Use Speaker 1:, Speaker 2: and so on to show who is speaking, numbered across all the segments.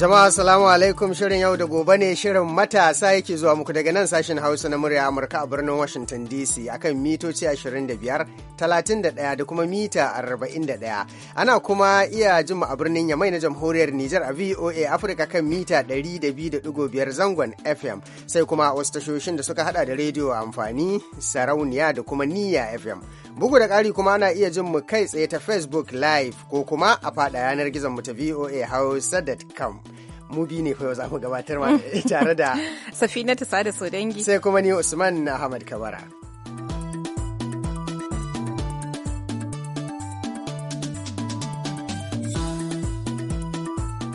Speaker 1: Jama'a salamu alaikum shirin yau da gobe ne shirin matasa yake zuwa muku daga nan sashen Hausa na murya Amurka a birnin Washington DC akan mitoci 25, 31 da kuma mita 41. Ana kuma iya jin a birnin Yamai na Jamhuriyar Nijar a VOA afirka kan mita 102.5 zangon FM sai kuma wasu tashoshin da suka hada da rediyo amfani, sarauniya da kuma niyya FM. Bugu da ƙari kuma ana iya jin mu kai tsaye ta Facebook Live ko kuma a faɗa yanar gizon mu ta VOA Hausa.com. mu biyu ne kawai za mu gabatar ma tare da
Speaker 2: safina ta sada sodangi sai kuma ni
Speaker 1: usman na ahmad kabara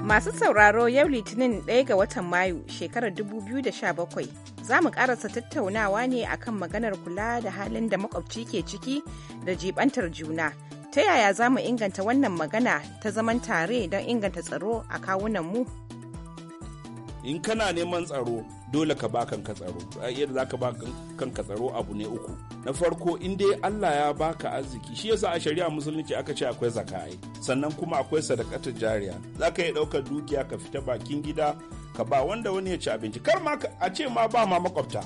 Speaker 2: masu sauraro yau litinin ɗaya ga watan mayu shekarar 2017 za mu karasa tattaunawa ne akan maganar kula da halin da makwabci ke ciki da jibantar juna ta yaya za mu inganta wannan magana ta zaman tare don inganta tsaro a kawunanmu
Speaker 3: in kana neman tsaro dole ka ba kanka tsaro yadda za ka ba kanka tsaro abu ne uku na farko in dai Allah ya baka arziki shi yasa a shari'a musulunci aka ce akwai zakai sannan kuma akwai sadakatar jariya za ka yi ɗaukar dukiya ka fita bakin gida ka ba wanda wani ya ci abinci kar ma a ce ma ba ma makwabta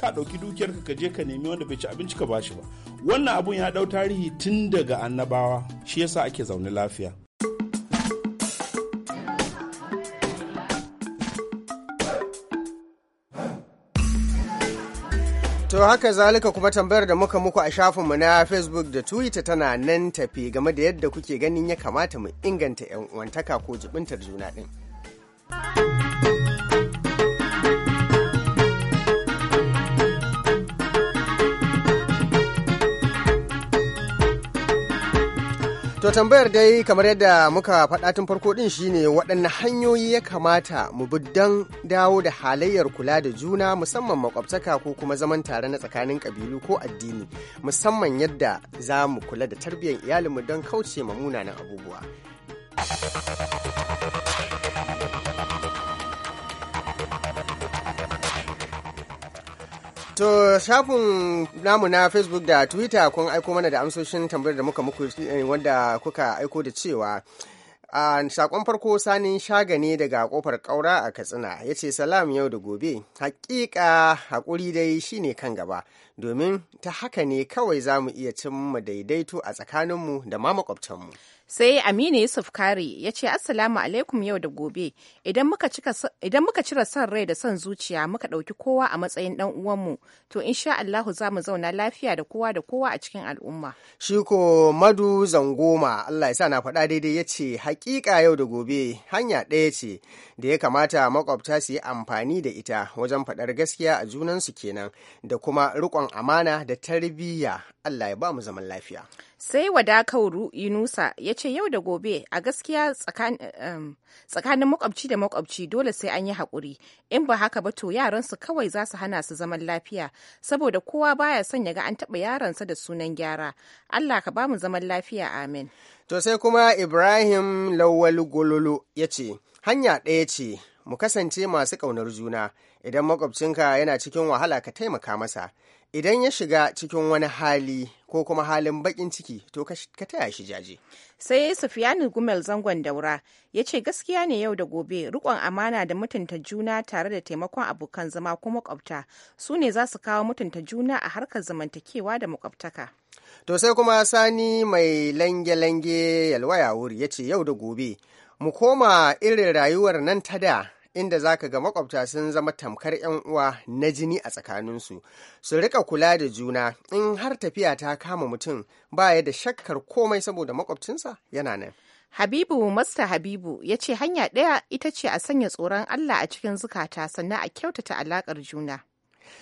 Speaker 3: ka ɗauki dukiyar ka je ka nemi wanda bai ci abinci ka ba shi ba wannan abun ya ɗau tarihi tun daga annabawa shi yasa ake zaune lafiya
Speaker 1: To haka zalika kuma tambayar da muka muku a shafinmu na Facebook da Twitter tana nan tafi game da yadda kuke ganin ya kamata mu inganta 'yan uwantaka ko jibintar juna ɗin. To tambayar dai kamar yadda muka faɗa tun farko ɗin shine waɗanne hanyoyi ya kamata mu bi don dawo da halayyar kula da juna musamman makwabtaka ko kuma zaman tare na tsakanin ƙabilu ko addini musamman yadda za mu kula da tarbiyyar iyalinmu don kauce ma munanan abubuwa. To shafin namu na Facebook da Twitter kun aiko mana da amsoshin tambayar da muka muku eh, wanda kuka aiko da cewa a sakon farko sanin shagane daga kofar kaura a katsina ya ce salam yau da gobe hakika haƙuri dai shine kan gaba domin ta haka ne kawai za mu iya cimma daidaito a tsakaninmu da ma makwabtanmu
Speaker 2: sai aminu yusuf kari ya ce assalamu alaikum yau da gobe idan muka cire son rai da son zuciya muka ɗauki kowa a matsayin ɗan uwanmu to insha allahu za mu zauna lafiya da kowa da kowa a cikin al'umma
Speaker 1: shi ko madu zangoma allah ya sa na faɗa daidai ya ce hakika yau da gobe hanya ɗaya ce da ya kamata makwabta su yi amfani da ita wajen faɗar gaskiya a junansu kenan da kuma riƙon amana da tarbiyya allah ya ba mu zaman lafiya
Speaker 2: sai wadakauru yunusa ya ce yau da gobe a gaskiya tsakanin makwabci da makwabci dole sai an yi haƙuri in ba haka ba to yaransu kawai za su hana su zaman lafiya saboda kowa baya son ya ga an taɓa yaransa da sunan gyara allah ka bamu zaman lafiya amin
Speaker 1: to sai kuma ibrahim lawal gololo ya ce hanya ɗaya ce mu kasance masu ƙaunar juna idan makwabcinka yana cikin wahala ka taimaka masa idan ya shiga cikin wani hali ko kuma halin bakin ciki to ka
Speaker 2: taya shi jaje sai sufiyanu gumel zangon daura ya ce gaskiya ne yau da gobe rikon amana da mutunta juna tare da taimakon abokan zama ko makwabta su ne za su kawo mutunta juna a harkar zamantakewa da makwabtaka
Speaker 1: to sai kuma sani mai lange-lange yalwaya wuri ya ce yau da gobe mu koma irin rayuwar nan ta da inda za ka ga makwabta sun zama tamkar 'yan uwa na jini a tsakaninsu su rika kula da juna in har tafiya ta kama mutum baya da shakkar
Speaker 2: komai saboda makwabcinsa yana nan Habibu Masta Habibu ya ce hanya ɗaya ita ce a sanya tsoron Allah a cikin zukata sannan a kyautata alaƙar juna.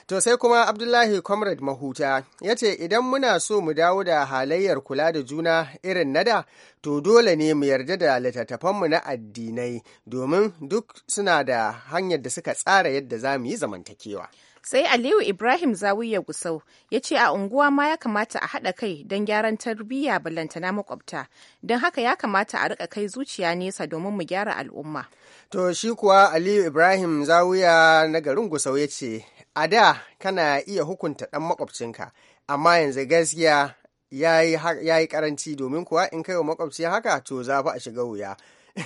Speaker 2: To sai
Speaker 1: kuma Abdullahi Comrade Mahuta ya ce idan muna so mu dawo da halayyar kula da juna irin nada to dole ne mu yarda da littattafanmu na addinai domin duk suna da hanyar da suka tsara yadda za mu yi zamantakewa.
Speaker 2: sai aliyu ibrahim zawiya gusau ya ce a unguwa ma ya kamata a haɗa kai don gyaran tarbiyya ballantana makwabta don haka ya kamata a rika kai zuciya nesa domin mu gyara al'umma
Speaker 1: to shi kuwa aliyu ibrahim zawiya na garin gusau ya ce a da kana iya hukunta ɗan makwabcinka amma yanzu gaskiya ya yi karanci domin kuwa in kai wa makwabci haka to za a shiga wuya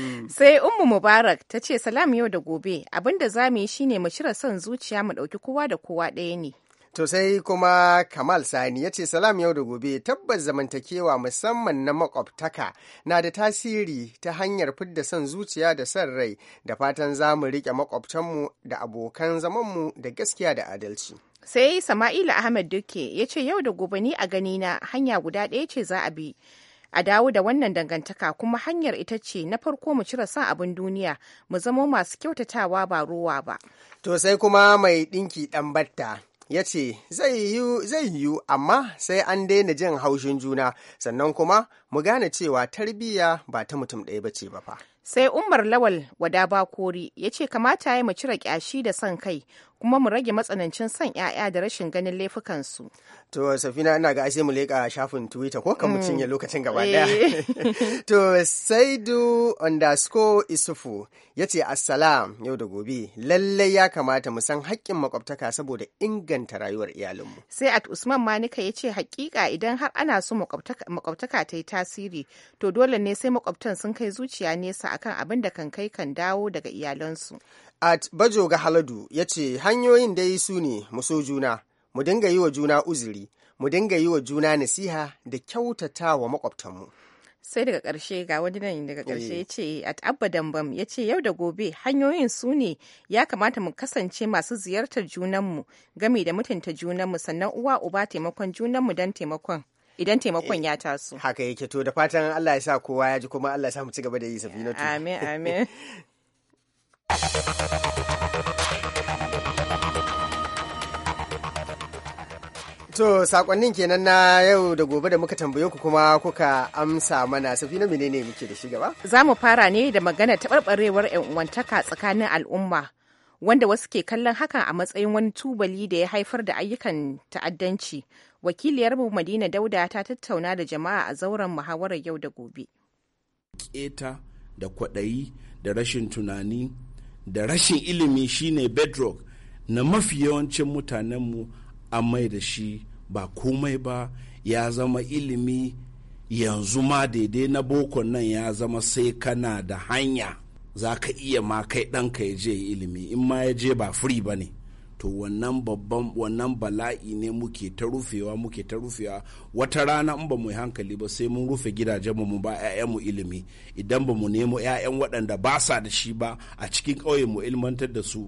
Speaker 1: mm.
Speaker 2: sai ummu mubarak ta ce salam yau da gobe abinda za mu yi shine mu cire son zuciya mu ɗauki kowa da kowa ɗaya ne To sai kuma Kamal Sani ya ce salam yau da
Speaker 1: gobe tabbas zamantakewa musamman na makwabtaka na da tasiri ta hanyar fidda son zuciya da son rai da fatan za mu riƙe makwabtanmu da abokan
Speaker 2: zamanmu da gaskiya da adalci. Sai Sama'ila Ahmed Duke ya ce yau da gobe ni a ganina hanya guda ɗaya ce za a bi. a dawo da wannan dangantaka kuma hanyar ita ce na farko mu cire son abin duniya mu zamo masu kyautatawa ba ruwa ba.
Speaker 1: To sai kuma mai ɗinki ɗan batta ya ce zai yiwu amma sai an daina jin haushin juna sannan kuma mu gane cewa tarbiyya ba ta mutum ɗaya ba ce ba
Speaker 2: fa. sai umar lawal wada bakori ya ce kamata ya mu cire kyashi da son kai kuma mu rage matsanancin son 'ya'ya da rashin ganin laifukansu.
Speaker 1: To Safina ina ga sai mu leƙa shafin Twitter ko kan mu mm. cinye lokacin gaba daya. Eh. to Saidu underscore Isufu ya ce Assalam yau da gobe lallai ya kamata mu san
Speaker 2: haƙƙin makwabtaka saboda inganta rayuwar iyalinmu. Sai at Usman Manika ya ce haƙiƙa idan har ana so makwabtaka ta yi tasiri to dole ne sai makwabtan sun kai zuciya nesa akan abin da kan kai kan dawo daga iyalansu.
Speaker 1: At Bajo Haladu ya ce hanyoyin dai su ne mu so juna mu dinga yi wa juna uzuri mu dinga yi wa juna nasiha da kyautata wa makwabtanmu
Speaker 2: sai daga ƙarshe ga wani nan daga ƙarshe eh. ya ce at abadan bam ya ce yau da gobe hanyoyin su ne ya kamata mu kasance masu ziyartar junanmu game da mutunta junanmu sannan uwa uba taimakon junanmu don taimakon idan taimakon
Speaker 1: ya eh, taso haka yake to da fatan Allah ya sa kowa ya ji kuma Allah ya sa mu ci gaba da yi safinatu amin amin To sakonnin kenan na yau da gobe da muka tambaye ku kuma kuka amsa mana safi na menene muke da shi gaba?
Speaker 2: Za mu fara ne da magana taɓarɓarewar 'yan uwantaka tsakanin al'umma wanda wasu ke kallon hakan a matsayin wani tubali da ya haifar da ayyukan ta'addanci. wakiliyar mu Madina Dauda ta tattauna da jama'a a zauren muhawarar yau da gobe.
Speaker 3: Keta da kwaɗayi da rashin tunani da rashin ilimi shine bedrock na mafi yawancin mutanenmu an mai da shi ba komai ba ya zama ilimi yanzu ma daidai na boko nan ya zama sai kana da hanya za ka iya ma kai ɗanka ya je ilimi in ma ya je ba firi ba ne to wannan babban wannan bala'i ne muke ta rufewa muke ta rufewa wata rana in ba mu yi hankali ba sai mun rufe gidajen mu ba yayan mu ilimi idan ba mu nemo 'ya'yan waɗanda ba sa da shi ba a cikin ƙauye mu ilmantar da su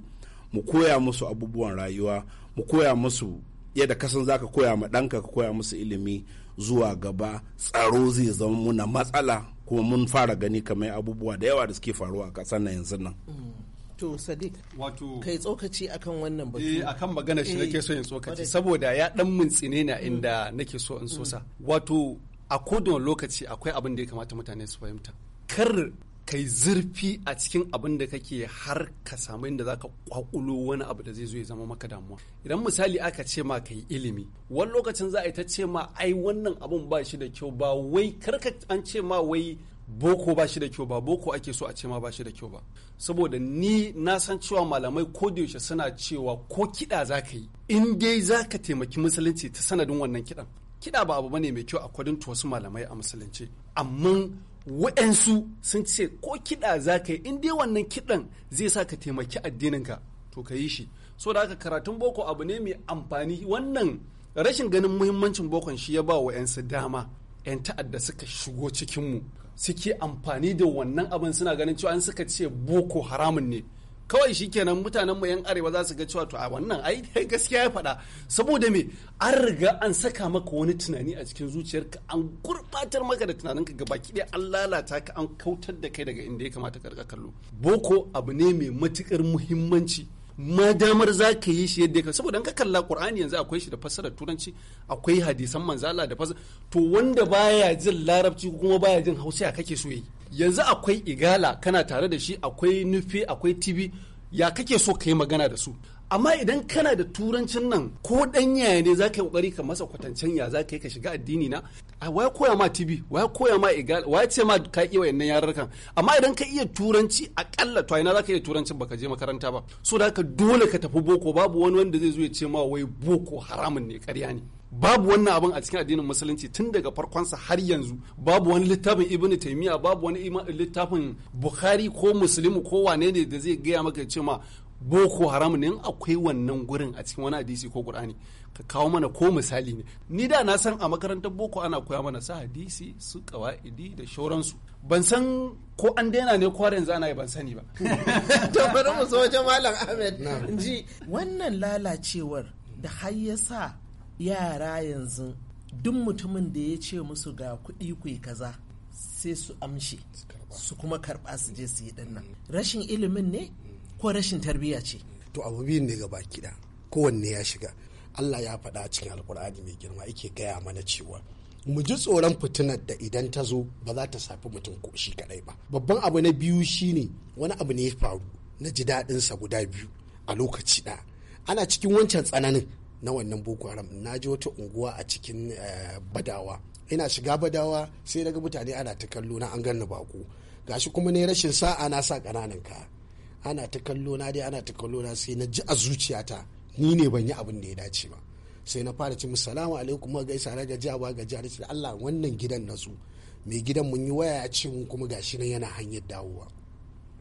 Speaker 3: mu koya musu abubuwan rayuwa mu koya musu yadda kasan za ka koya ma ɗanka ka koya musu ilimi zuwa gaba tsaro zai zama muna matsala kuma mun fara gani kamar abubuwa
Speaker 4: da yawa
Speaker 5: da
Speaker 3: suke faruwa a ƙasar na yanzu nan.
Speaker 5: Mm. To Sadiq, wato kai tsokaci akan wannan batu. Eh akan magana shi nake so in eh,
Speaker 4: tsokaci saboda ya dan mun tsine na mm. inda nake so in sosa. Mm. Wato a kodon lokaci akwai abin da ya kamata mutane su fahimta. Kar kai zurfi a cikin abin da kake har ka samu inda zaka kwakulo wani abu da zai zo ya zama maka damuwa idan misali aka ce ma kai ilimi wani lokacin za a yi ta ce ma ai wannan abun ba shi da kyau ba wai karka an ce ma wai boko ba shi da kyau ba boko ake so a ce ma ba shi da kyau ba saboda ni na san cewa malamai ko da yaushe suna cewa ko kiɗa za ka yi in dai za ka taimaki musulunci ta sanadin wannan kiɗan kiɗa ba abu bane mai kyau a kwadin wasu malamai a musulunci amma waɗansu sun ce ko kiɗa za ka yi in dai wannan kiɗan zai sa ka taimaki addininka to ka yi shi so da haka karatun boko abu ne mai amfani wannan rashin ganin muhimmancin bokon shi ya ba wa dama 'yan ta'adda suka shigo cikinmu suke amfani da wannan abin suna ganin cewa an suka ce boko haramun ne kawai shi kenan mutanen mu yan arewa za su ga cewa to a wannan ai gaskiya ya faɗa saboda me an riga an saka maka wani tunani a cikin zuciyarka an gurbatar maka da tunaninka ga baki ɗaya an lalata ka an kautar da kai daga inda ya kamata ka riga kallo boko abu ne mai matukar muhimmanci madamar za ka yi shi yadda ka saboda ka kalla qur'ani yanzu akwai shi da fassarar turanci akwai hadisan manzala da fassara to wanda baya jin larabci kuma baya jin hausa ya kake so yi yanzu akwai igala kana tare da shi akwai nufi akwai TV. ya kake so ka yi magana da su amma idan kana da turancin nan ko dan yaya ne zaka yi kokari ka masa kwatancen ya zaka yi ka shiga addini na a waya koya ma tibi waya koya ma igal waya ce ma ka iya wayannan kan amma idan ka iya turanci akalla to ina zaka iya turancin baka je makaranta ba so da ka dole ka tafi boko babu wani wanda zai zo ya ce ma wai boko haramun ne ƙarya ne babu wannan abin a cikin addinin musulunci tun daga farkonsa har yanzu babu wani littafin ibn taymiya babu wani littafin bukhari ko muslimu ko wane ne da zai gaya maka cewa boko haram ne akwai wannan gurin a cikin wani hadisi ko qur'ani ka kawo mana ko misali ne ni da na san a makarantar boko ana koya mana su hadisi su kawaidi da shauransu ban san ko an daina ne ko yanzu ana yi ban sani ba to bari mu so wajen malam ahmed ji
Speaker 5: wannan lalacewar da har ya sa yara yanzu duk mutumin da ya ce musu ga kuɗi ku kaza sai su amshi su kuma karɓa su je su yi dinnan rashin ilimin ne ko rashin tarbiyya ce to abu biyun ne ga gaba
Speaker 6: kiɗa kowanne ya shiga Allah ya faɗa cikin alkur'ani mai girma yake gaya mana cewa mu ji tsoron fitinar da idan ta zo ba za ta safi mutum ko shi kadai ba babban abu na biyu shine wani abu ne ya faru na ji daɗinsa guda biyu a lokaci ɗaya ana cikin wancan tsananin na wannan boko haram na ji wata unguwa a cikin eh, badawa ina shiga badawa sai daga mutane ana ta kallo na an ganni bako gashi kuma ne rashin sa'a na sa ƙananan kaya ana ta kallo na dai ana ta kallo na sai na ji a zuciyata ni ne ban yi abin da ya dace ba sai na fara ci salamu alaikum ga gaisa na gajiya ba jihar da ce Allah wannan gidan na su mai gidan mun yi waya ya ce mun kuma gashi nan yana hanyar dawowa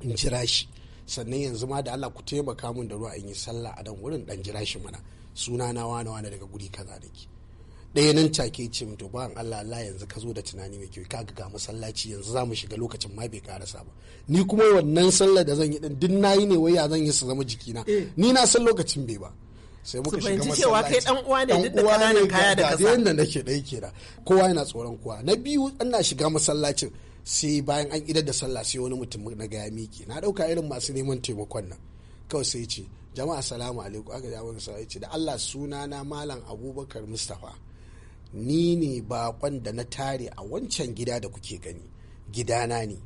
Speaker 6: in jira shi sannan yanzu ma da Allah ku taimaka mun da ruwa in yi sallah a dan wurin dan jira shi mana suna na wane wane daga guri kaza nake ɗaya nan take ce to ba Allah Allah yanzu ka zo da tunani mai kyau kaga ga masallaci yanzu za mu shiga lokacin ma bai karasa ba ni kuma wannan sallar da zan yi din din nayi ne waya zan yi su zama jikina eh. ni na san lokacin bai ba sai muka shiga masallaci cewa kai dan uwa ne duk da kananan kaya da kasa yanda nake dai da kowa yana tsoron kowa na biyu ana shiga masallacin sai bayan an idar da sallah sai wani mutum na ga ya miki na dauka irin masu neman taimakon nan kawai sai ce jama'a salamu alaikum aka sai ce da Allah sunana malam Abubakar Mustafa ni ne bakon da na tare a wancan gida da kuke gani gidana ne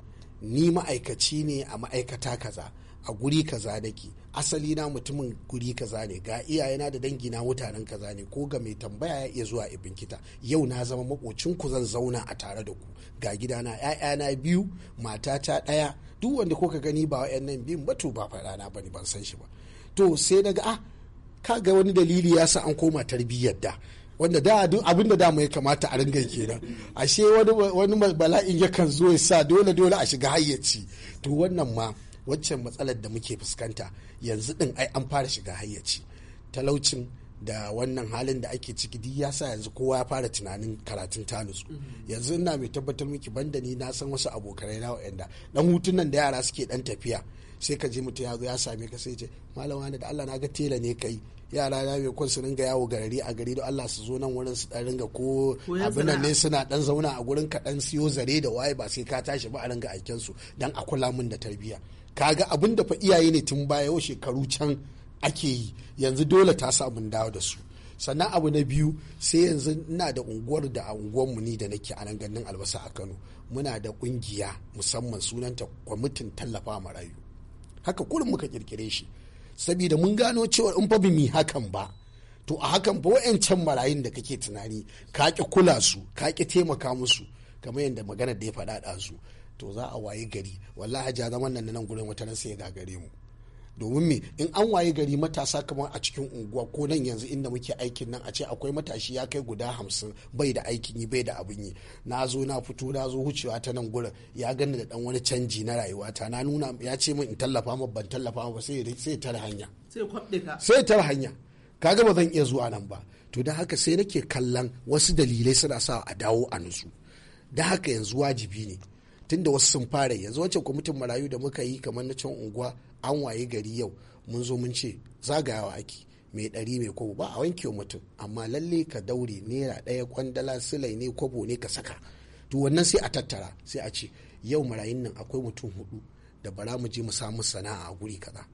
Speaker 6: ni ma'aikaci ne a ma'aikata kaza a guri kaza nake asali na mutumin guri kaza ne ga iyayena da dangina mutanen kaza ne ko ga mai tambaya ya iya zuwa ibinkita yau na zama makocin ku zan zauna a tare da ku ga gidana ƴaƴana biyu matata ɗaya duk wanda ko ka gani ba wa'annan biyun ba to ba faɗana ba ne ban san shi ba to sai daga ah ka ga wani dalili ya sa an koma tarbiyyar da wanda da abin da dama ya kamata a ringa kenan ashe wani bala'in yakan zo ya sa dole dole a shiga hayyaci to wannan ma waccan matsalar da muke fuskanta yanzu din ai an fara shiga hayyaci talaucin da wannan halin da ake ciki duk ya sa yanzu kowa ya fara tunanin karatun tanus mm-hmm. yanzu ina mai tabbatar miki banda ni na san wasu abokanai na wa'anda dan hutunan da yara suke dan tafiya sai ka je mutum ya zo ya same ka sai ce malam wani da Allah na ga tela ne kai yara na mai kwan su ringa yawo garari a gari da Allah su zo nan wurin su dan ringa ko abin ne suna dan zauna a gurin kaɗan siyo zare da waye ba sai ka tashi ba a ringa aiken su dan a kula min da tarbiyya kaga abin da fa iyaye ne tun baya yau shekaru can ake yi yanzu dole ta samun dawo da su sannan abu na biyu sai yanzu ina da unguwar da a unguwarmu ni da nake a nan ganin albasa a kano muna da kungiya musamman sunanta kwamitin tallafa marayu haka kurin muka kirkire shi saboda mun gano cewa in fa mu hakan ba to a hakan ba wa'ancan marayun da kake tunani ka ki kula su ka ki taimaka musu kamar yadda magana da ya faɗa ɗazu to za a waye gari wallahi ja zaman nan nan gurin wata sai ya gagare mu domin me in an waye gari matasa kamar a cikin unguwa ko nan yanzu inda muke aikin nan a ce akwai matashi ya kai guda hamsin bai da aikin yi bai da abin yi na zo na fito na zo wucewa ta nan gurin ya gani da dan wani canji na rayuwa ta na nuna ya ce min in tallafa ma ban tallafa ma sai sai tara hanya sai tara hanya kaga ba zan iya zuwa nan ba to da haka sai nake kallon wasu dalilai suna sa a dawo a nutsu da haka yanzu wajibi ne tunda wasu sun fara yanzu wancan kwamitin marayu da muka yi kamar na can unguwa an waye gari yau mun zo mun ce zagayawa ake mai ɗari mai kwabo ba a wanke mutum amma lalle ka daure naira ɗaya kwandala silai ne kwabo ne ka saka to wannan sai a tattara sai a ce yau marayun nan akwai mutum hudu da bara mu je mu samu sana'a a guri kaza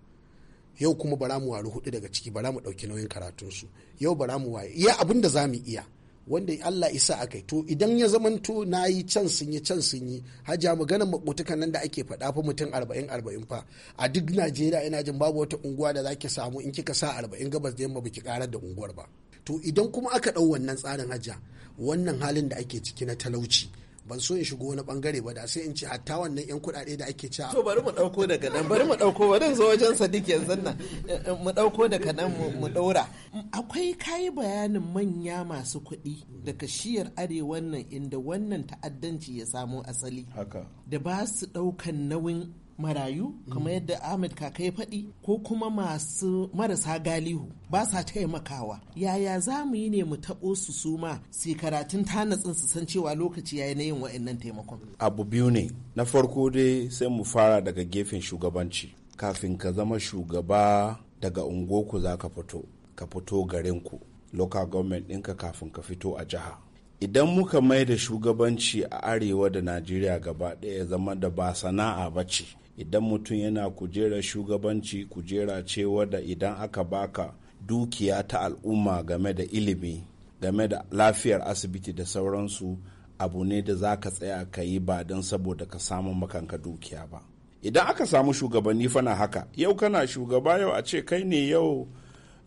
Speaker 6: yau kuma bara mu wari hudu daga ciki bara mu ɗauki nauyin su yau bara mu waye iya abin da za mu iya wanda Allah isa a kai to idan ya zamanto na yi can sun yi can sun yi hajiya maganar makotukan nan da ake faɗa fa mutum arba'in arba'in fa a duk Najeriya ina jin babu wata unguwa da zaki samu in kika sa arba'in gabas da yamma baki karar da unguwar ba to idan kuma aka ɗau wannan tsarin hajiya wannan halin da ake ciki na talauci ban so in shigo wani bangare ba da sai in ci hatta wannan yan kuɗaɗe da ake ci. to
Speaker 5: bari mu dauko daga nan bari mu dauko bari zo wajen Sadiq yanzu nan eh, mu dauko daga nan mu daura akwai kayi bayanin manya masu kuɗi daga shiyar arewan nan inda wannan ta'addanci ya samo asali haka da ba su daukan nauyin marayu kamar mm. yadda ahmed kaka ya faɗi ko kuma masu marasa galihu ba sa taimakawa yaya za mu yi ne mu taɓo su suma su karatun tanatsin su san cewa lokaci ya yi na yin wa'annan taimakon
Speaker 3: abu biyu ne na farko dai sai mu fara daga gefen shugabanci kafin ka zama shugaba daga ungoku za ka fito ka fito garin ku local government ɗinka kafin ka fito a jiha idan muka mai da shugabanci a arewa da najeriya gaba ɗaya zama da ba sana'a ba ce idan mutum yana kujera shugabanci kujera ce wadda idan aka baka dukiya ta al'umma game da ilimi game da lafiyar asibiti da sauransu abu ne da za ka tsaya ka yi ba don saboda ka samu makanka dukiya ba idan aka samu shugabanni fana haka yau kana shugaba yau a ce kai ne yau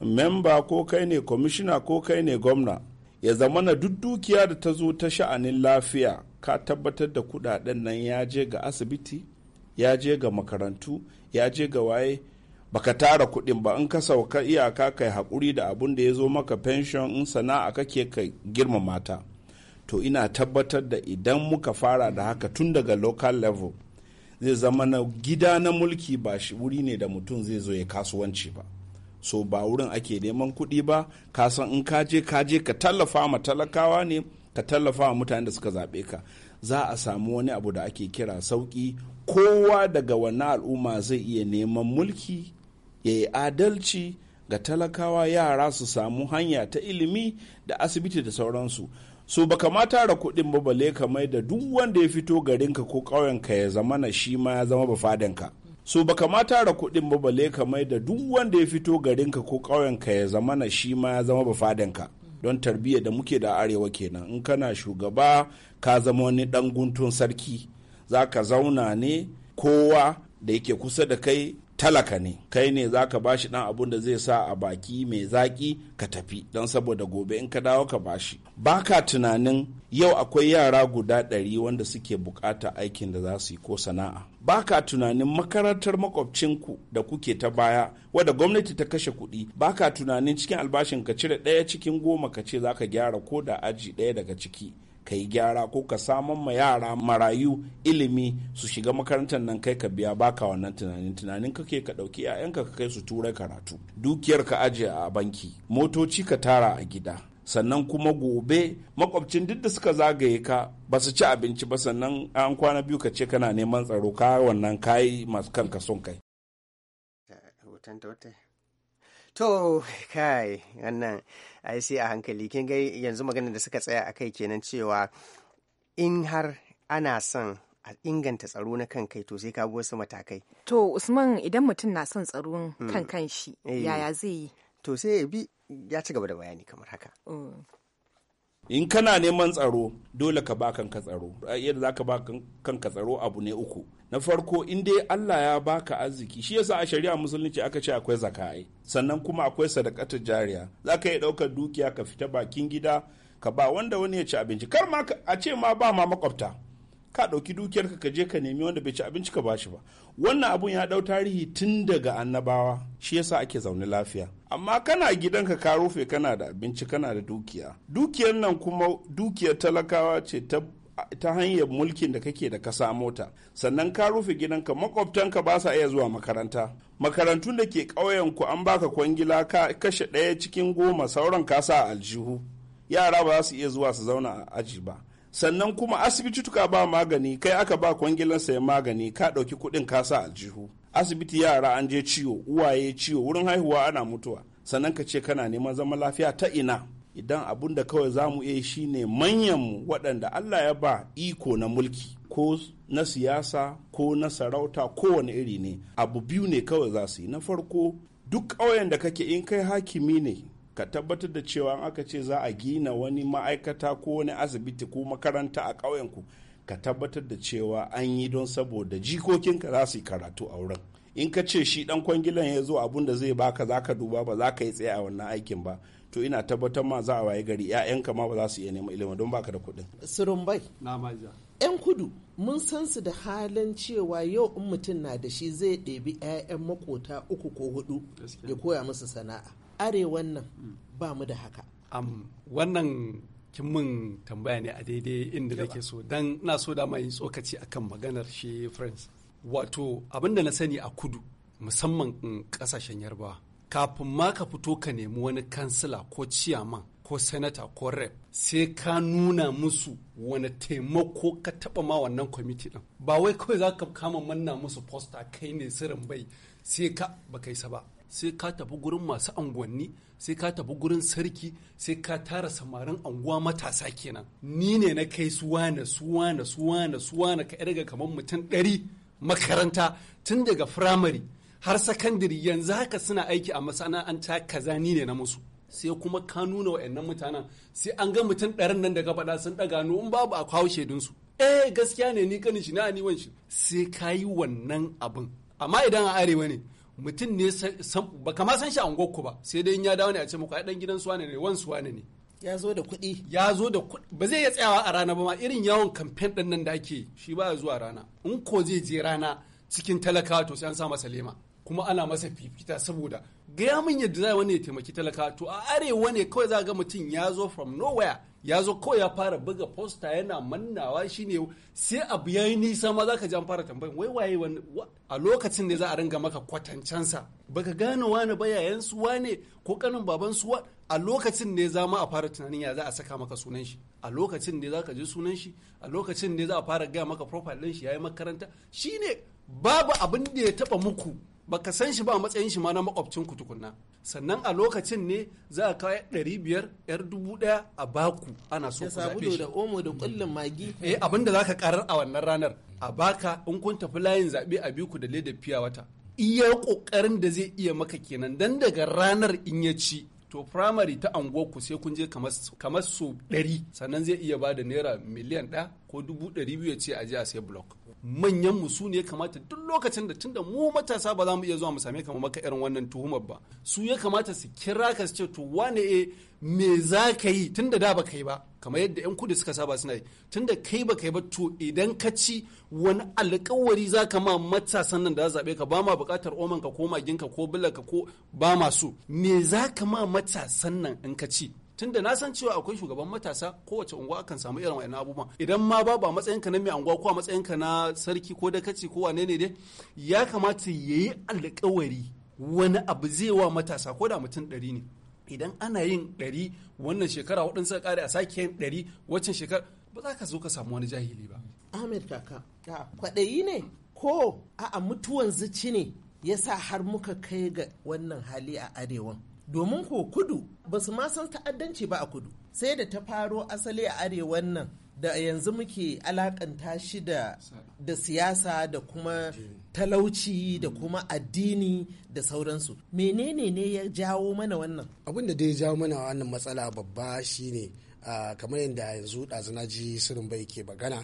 Speaker 3: memba ko kai ne kwamishina ko kai ne gwamna ya zama na duk dukiya da ta zo ta sha'anin lafiya ka tabbatar da kudaden nan ya je ga asibiti ya je ga makarantu ya je ga waye baka tara kuɗin ba in ka sauka iyaka kai haƙuri da abun da ya zo maka pension in sana'a kake ka girmamata mata to ina tabbatar da idan muka fara da haka tun daga local level zai zama na gida na mulki ba shi wuri ne da mutum zai zo ya kasuwanci ba so ba wurin ake neman kuɗi ba kasan in kaje kaje ka ka tallafa ma talakawa ne ka tallafa wa mutane da suka zaɓe ka za a samu wani abu da ake kira sauƙi kowa daga wani al'umma zai iya neman mulki ya yi adalci ga talakawa yara su samu hanya ta ilimi da asibiti da sauransu so baka ma tara kuɗin ba bale ka mai da duk wanda ya fito garinka ko ƙauyenka ya zama na shi ma ya zama bafadanka so baka ma tara kuɗin ba bale ka mai da duk wanda ya fito garinka ko ƙauyenka ya zama na shi ma ya zama bafadanka don tarbiyya da muke da arewa kenan in kana shugaba ka zama wani dan guntun sarki za ka zauna ne kowa da yake kusa da kai talaka ne kai ne za ka bashi dan abun da zai sa a baki mai zaki ka tafi don saboda gobe in ka dawo ka bashi ba ka tunanin yau akwai yara guda ɗari wanda suke bukata aikin da za su yi ko sana'a ba ka tunanin makarantar makwabcinku da kuke ta baya wadda gwamnati ta kashe kuɗi ba ka tunanin cikin albashin ka cire ɗaya cikin goma ka ce za ka gyara ko da aji ɗaya daga ciki ka yi gyara ko ka saman ma yara marayu ilimi su shiga makarantar nan kai ka biya baka wannan tunanin tunanin kake ka ɗauki yayan ka kai su turai karatu dukiyar ka ajiye a banki motoci ka tara a gida sannan kuma gobe makwabcin duk da suka zagaye ka ba su ci abinci ba sannan an kwana biyu ka ce kana neman tsaro ka wannan kayi masu kanka son kai
Speaker 1: To, kai, wannan ai sai a hankali, kin ga yanzu maganar da suka tsaya a kai kenan cewa in har ana son a inganta tsaro na kan kai to sai ka wasu matakai.
Speaker 2: To, Usman idan mutum na son tsaro hmm. kan kan shi, eh. yaya zai
Speaker 1: yi? To sai bi ya ci gaba da bayani kamar haka. Mm. in kana neman tsaro
Speaker 3: dole ka ba kanka tsaro yadda za ka ba kanka tsaro abu ne uku na farko in dai Allah ya baka arziki shi yasa a shari'a musulunci aka ce akwai zakai sannan kuma akwai sadakatar jariya za ka yi ɗaukar dukiya ka fita bakin gida ka ba wanda wani ya ci abinci kar ma a ce ma ba ma makwabta ka ɗauki dukiyarka ka je ka nemi wanda bai ci abinci ka bashi ba wannan abun ya ɗau tarihi tun daga annabawa shi yasa ake zaune lafiya amma kana gidanka ka rufe kana da abinci kana da dukiya dukiyar nan kuma dukiyar talakawa ce ta ta hanyar mulkin da kake da ka mota. sannan ka rufe gidanka makwabtanka ba sa iya zuwa makaranta makarantun da ke ƙauyenku an baka kwangila ka kashe ɗaya cikin goma sauran ka sa aljihu yara ba za su iya zuwa su zauna a aji ba sannan kuma asibitutuka ba magani kai aka ba kwangilan sayan magani ka ɗauki kuɗin ka sa aljihu asibiti yara an je ciwo uwaye ciwo wurin haihuwa ana mutuwa sannan ka ce kana neman zama lafiya ta ina idan abun da kawai za mu iya shine manyanmu waɗanda allah ya ba iko na mulki ko na siyasa ko na sarauta kowane iri ne abu biyu ne kawai za su yi na farko duk ƙauyen da kake in kai hakimi ne ka tabbatar da cewa aka ce za a gina wani ma'aikata ko wani asibiti ko makaranta a ƙauyenku ka tabbatar da cewa an yi don saboda jikokinka za su yi karatu a wurin in ka ce shi dan kwangilan ya zo abun da zai baka za ka duba ba za ka yi tsaye a wannan aikin ba to ina tabbatar ma za a waye gari 'ya'yanka ma ba za su iya neman ilimi don baka da kuɗin.
Speaker 5: surumbai yan kudu mun san su da halin cewa yau in mutum na da shi zai ɗebi 'ya'yan makota uku ko hudu ya koya musu sana'a arewan nan ba mu da haka
Speaker 4: wannan kin tambaya ne a daidai inda nake so dan na so da mai tsokaci akan maganar shi friends wato abinda na sani a kudu musamman in kasashen yarbawa kafin ma ka fito ka nemi wani kansila ko ciyaman ko senata ko rep sai ka nuna musu wani taimako ka taba ma wannan kwamiti din ba wai kawai za ka kama manna musu posta kai ne sirin bai sai ka ba kai sa ba sai ka tafi gurin masu angwanni sai ka tafi gurin sarki sai ka tara samarin anguwa matasa kenan ni ne na kai suwa na suwa na suwa na suwa na ka daga kamar mutum ɗari makaranta tun daga firamare har sakandiri yanzu haka suna aiki a masana'anta kaza ni ne na musu sai kuma ka nuna wa'annan mutanen sai an ga mutum ɗarin nan daga faɗa sun ɗaga nu in babu a kawo shaidunsu eh gaskiya ne ni kanin shi na aniwan shi sai ka yi wannan abin amma idan a arewa ne mutum ne ba kama san shi a ku ba sai dai in ya dawo ne a ce muku dan gidan suwane ne wan suwane ne ya zo da kuɗi ya zo da kuɗi ba zai iya tsayawa a rana ba ma irin yawon kamfen ɗin nan da ake shi ba zuwa rana in ko zai je rana cikin talakawa to sai an sa masa lema kuma ana masa fifita saboda gaya min yadda za wani ya taimaki talaka to a arewa ne kawai za ga mutum ya zo from nowhere ya zo kawai ya fara buga posta yana mannawa shine sai abu yi nisa ma zaka ji an fara tambayin wai waye wani a lokacin ne za a ringa maka kwatancensa ka gane wani ba wane ko kanin baban a lokacin ne za ma a fara tunanin ya za a saka maka sunan shi a lokacin ne za ka ji sunan shi a lokacin ne za a fara gaya maka profile shi shi yi makaranta shi ne babu abin da ya taɓa muku baka san shi ba a matsayin shi ma na makwabcin ku tukunna sannan a lokacin ne za a kawo ɗari biyar yar dubu ɗaya a baku ana so ku zaɓe shi da omo da kullum magi eh abin da zaka karar a wannan ranar a baka in kun tafi layin zaɓe a ku da leda fiya wata iya ƙoƙarin da zai iya maka kenan dan daga ranar in ya ci to primary ta ku sai kun je kamar so ɗari sannan zai iya ba da naira miliyan ɗaya ko dubu ɗari biyu ya ce a je a sai block manyan mu su ne kamata duk lokacin da tunda mu matasa ba za mu iya zuwa mu same ka maka irin wannan tuhumar ba su ya kamata su kira ka su ce to wane e me za ka yi tunda da ba kai ba kamar yadda yan kudu suka saba suna yi tunda kai ba kai ba to idan ka ci wani alƙawari za ka ma matasan nan da za zaɓe ka ba ma buƙatar oman ka ko maginka ko bulanka ko ba ma so me za ka ma matasan nan in ka ci tunda na san cewa akwai shugaban matasa kowace unguwa akan samu irin wa'annan abubuwan idan ma ba ba matsayin ka na mai unguwa ko a matsayin ka na sarki ko da dakaci ko wane ne dai ya kamata yayi alƙawari wani abu zai wa matasa ko da mutum ɗari ne idan ana yin ɗari wannan shekara waɗansu ƙare a sake yin ɗari waccan shekara ba za ka zo ka samu wani jahili ba. Ahmed kaka, kwaɗayi ne ko a'a
Speaker 5: mutuwan zuci ne ya sa har muka kai ga wannan hali a arewan. domin ko kudu ba su san ta'addanci ba a kudu sai da ta faro asali a arewa nan da yanzu muke alakanta shi da, da siyasa da kuma talauci da kuma addini da sauransu menene ne ya jawo mana wannan
Speaker 6: abin da dai ya jawo mana wannan matsala babba shine uh, kamar yadda yanzu ɗazuna ji sirin bai ke magana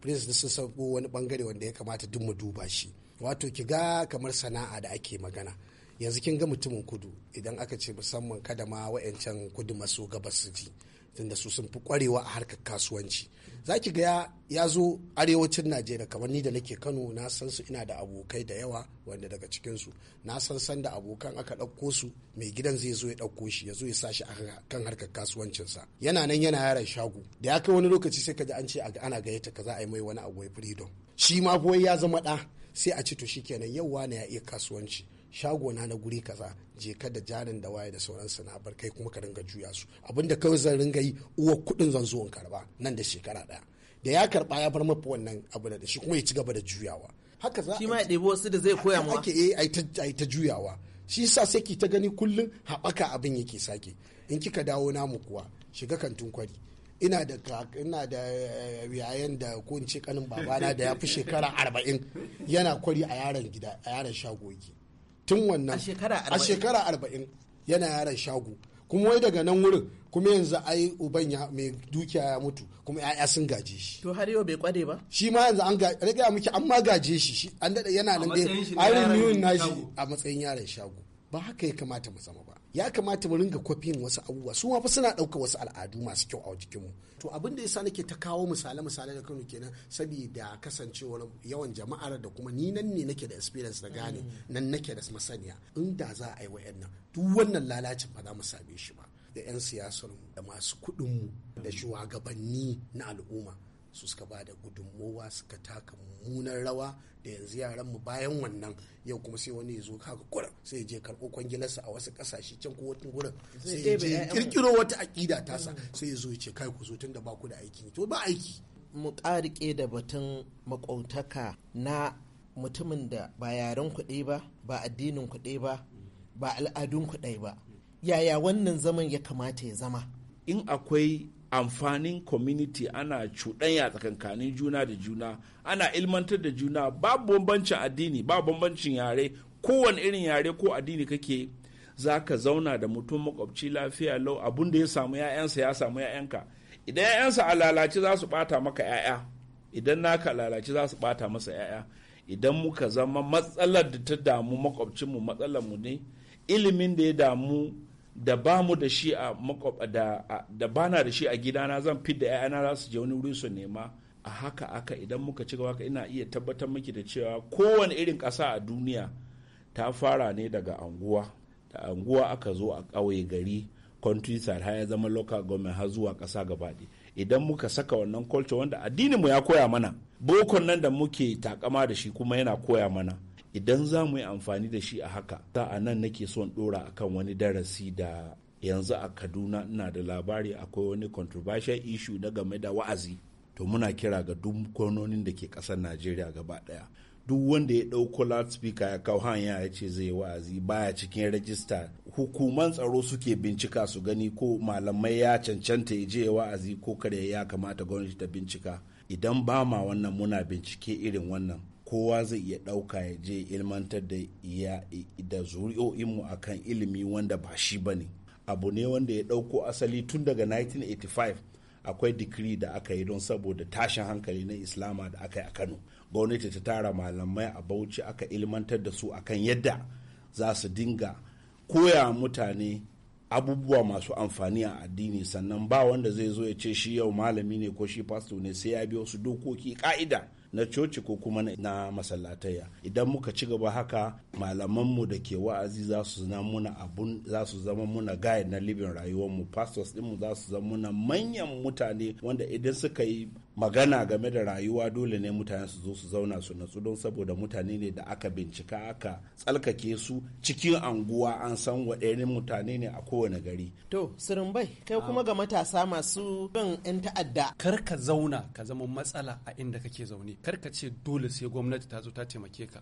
Speaker 6: prince sun sauko wani bangare wanda ya kamata duk mu duba shi wato ki ga kamar sana'a da ake magana yanzu kin ga mutumin kudu idan aka ce musamman kada ma wa'yancan kudu maso gabas su ji tunda su sun fi kwarewa a harkar kasuwanci za ki ga ya zo arewacin najeriya kamar ni da nake kano na san su ina da abokai da yawa wanda daga cikinsu na san san da abokan aka ɗauko su mai gidan zai zo ya ɗauko shi ya zo ya sashi a kan harkar kasuwancinsa yana nan yana yaran shago da ya kai wani lokaci sai ka ji an ce ana gayyata ka za a yi mai wani abu freedom shi ma ya zama ɗa sai a ci to kenan yau wane ya iya kasuwanci shagona na guri kaza je ka da jarin da waye da sauran na bar kai kuma ka ringa juya su abinda kawai zan ringa yi uwa kudin zan zo in karba nan da shekara daya da ya karba ya bar mafi wannan abu da shi kuma ya ci gaba da juyawa haka za shi ma ya ɗebi wasu da zai koya ma ake eh ai ta juyawa shi yasa sai ki ta gani kullum haɓaka abin yake sake in kika dawo namu kuwa shiga kantin kwari ina da ina da eh, yayan da ko in ce kanin babana da ya fi shekara arba'in yana kwari a yaran gida a yaran shagogi tun wannan a shekara arba'in yana yaron shago kuma wai daga nan wurin kuma yanzu ai uban ya mai dukiya ya mutu kuma ya'ya sun gaje shi to har yau bai kware ba shi ma yanzu an gaje rage miki an ma gaje shi an dade yana nan dai na nashi a matsayin yaran shago ba haka ya kamata mu zama ba ya kamata mu ringa kwafin wasu abubuwa su ma fa suna ɗauka wasu al'adu masu kyau a jikinmu to abin da yasa nake ta kawo misale misale da Kano kenan saboda kasancewar yawan jama'ar da kuma ni nan ne nake da experience da gane mm. nan nake da masaniya inda za a yi wa'annan duk wannan lalacin ba za mu same shi ba da 'yan siyasar da masu kuɗinmu da shugabanni na al'umma su suka ba da gudunmowa suka taka mummunan rawa da yanzu yaran mu bayan wannan yau kuma sai wani ya zo kaga kurin sai je karɓo kwangilarsa a wasu ƙasashe can ko wata gurin sai ya je kirkiro wata
Speaker 5: aƙida tasa mm. sai ya zo ya ce kai ku zo tun da ba ku da aiki to ba aiki mu ƙarike da batun makwautaka na mutumin da ba yaren kuɗi ba ba addinin kuɗi ba ba al'adun kuɗai ba yaya wannan zaman ya kamata ya zama
Speaker 3: in akwai amfanin community ana cuɗanya tsakankanin juna da juna ana ilmantar da juna babu bambancin addini babu bambancin yare kowane irin yare ko addini kake za ka zauna da mutum makwabci lafiya lau abun da ya samu 'ya'yansa ya samu 'ya'yanka idan 'ya'yansa a lalace za su bata maka 'ya'ya idan naka lalace za su bata masa 'ya'ya idan muka zama matsalar da ta damu makwabcinmu matsalar mu ne ilimin da ya damu da ba mu da shi a da ba na da shi a gidana zan da 'ya'yana za su je wani wuri su nema a haka aka idan muka ci gaba ina iya tabbatar miki da cewa kowane irin ƙasa a duniya ta fara ne daga anguwa da anguwa aka zo a ƙauye gari countryside har ya zama local government har zuwa ƙasa gabaɗe idan muka saka wannan culture wanda addinin mu ya koya mana bokon nan da muke takama da shi kuma yana koya mana idan za mu yi amfani da shi a haka ta a nan nake son ɗora akan wani darasi da yanzu a kaduna ina da labari akwai wani controversial issue na game da wa'azi to muna kira ga duk da ke ƙasar najeriya gaba ɗaya duk wanda ya dauko loudspeaker ya kawo hanya ya ce zai wa'azi baya cikin rajista hukuman tsaro suke bincika su gani ko malamai ya cancanta ya je wa'azi ko kare ya kamata gwamnati ta bincika idan ba ma wannan muna bincike irin wannan kowa zai iya ɗauka ya je ilmantar da iya da zuri'o'inmu a kan ilimi wanda ba shi ba ne abu ne wanda ya ɗauko asali tun daga 1985 akwai dikiri da aka yi don saboda tashin hankali na islama da aka yi a kano gwamnati ta tara malamai a bauchi aka ilmantar da su akan yadda za su dinga koya mutane abubuwa masu amfani a addini sannan ba wanda zai zo ya ce shi yau malami ne ko shi fasto ne sai ya bi wasu dokoki ka'ida na coci ko kuma na masallataiya idan muka ci gaba haka malamanmu da ke wa'azi za su zama muna abun za su zama muna gayar na libin rayuwarmu pastors dinmu za su zama muna manyan mutane wanda idan suka yi magana game da rayuwa dole ne mutane su zo su zauna su natsu don saboda mutane ne da aka bincika aka tsalkake su cikin anguwa an san waɗanne mutane ne a kowane gari.
Speaker 5: To, Sirimbai, kai kuma ga matasa masu bin 'yan ta'adda.
Speaker 4: Kar ka zauna ka zama matsala a inda kake zaune, kar ka ce dole sai gwamnati ta zo ta taimake ka.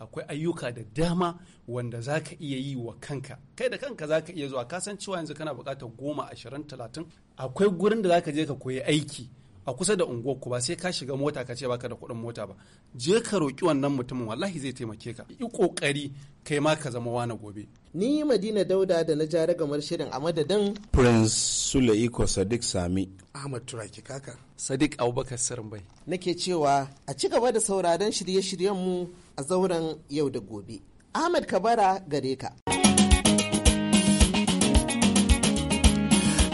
Speaker 4: akwai ayyuka da dama wanda za ka iya yi wa kanka kai da kanka za ka iya zuwa kasan cewa yanzu kana bukatar goma ashirin talatin akwai gurin da za ka je ka koyi aiki a kusa da unguwar ku ba sai ka shiga mota ka ce baka da kuɗin mota ba je ka roƙi wannan mutumin wallahi zai taimake ka yi ƙoƙari kai ma ka zama wani gobe
Speaker 5: ni madina dauda da na ja ragamar shirin a
Speaker 4: madadin
Speaker 3: prince sulaiko sadiq sami
Speaker 4: ahmad turaki kaka sadiq abubakar bai.
Speaker 5: nake cewa a ci gaba da sauraron shirye-shiryen mu a zauren yau da gobe ahmad kabara gare ka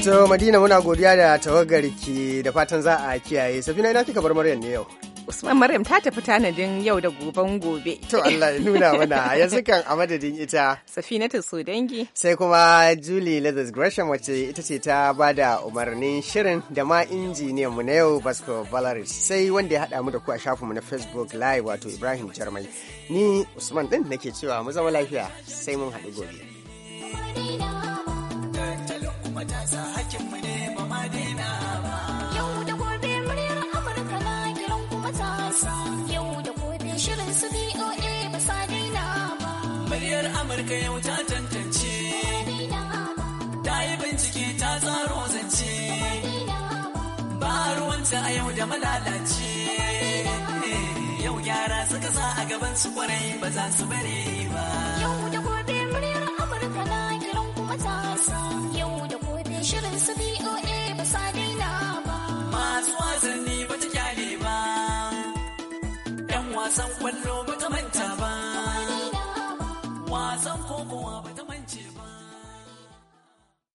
Speaker 1: To Madina muna godiya da tawagarki da fatan za a kiyaye. Safina ina kika bar Maryam ne yau.
Speaker 2: Usman Maryam ta tafi tanadin yau da goben gobe. To Allah ya nuna mana yanzu kan a madadin ita. safina ta so dangi. Sai kuma Julie Lazarus
Speaker 1: Gresham wacce ita ce ta ba da umarnin shirin da ma injiniyan mu na yau Vasco Valeris. Sai wanda ya haɗa mu da ku a shafinmu na Facebook Live wato Ibrahim Jarmai. Ni Usman din nake cewa mu zama lafiya sai mun haɗu gobe.
Speaker 4: zumunta a yau da malalaci eh, yau yara suka sa a gaban su kwarai ba za su bare ba yau da gobe muryar amurka na kiran kuma ta yau da gobe shirin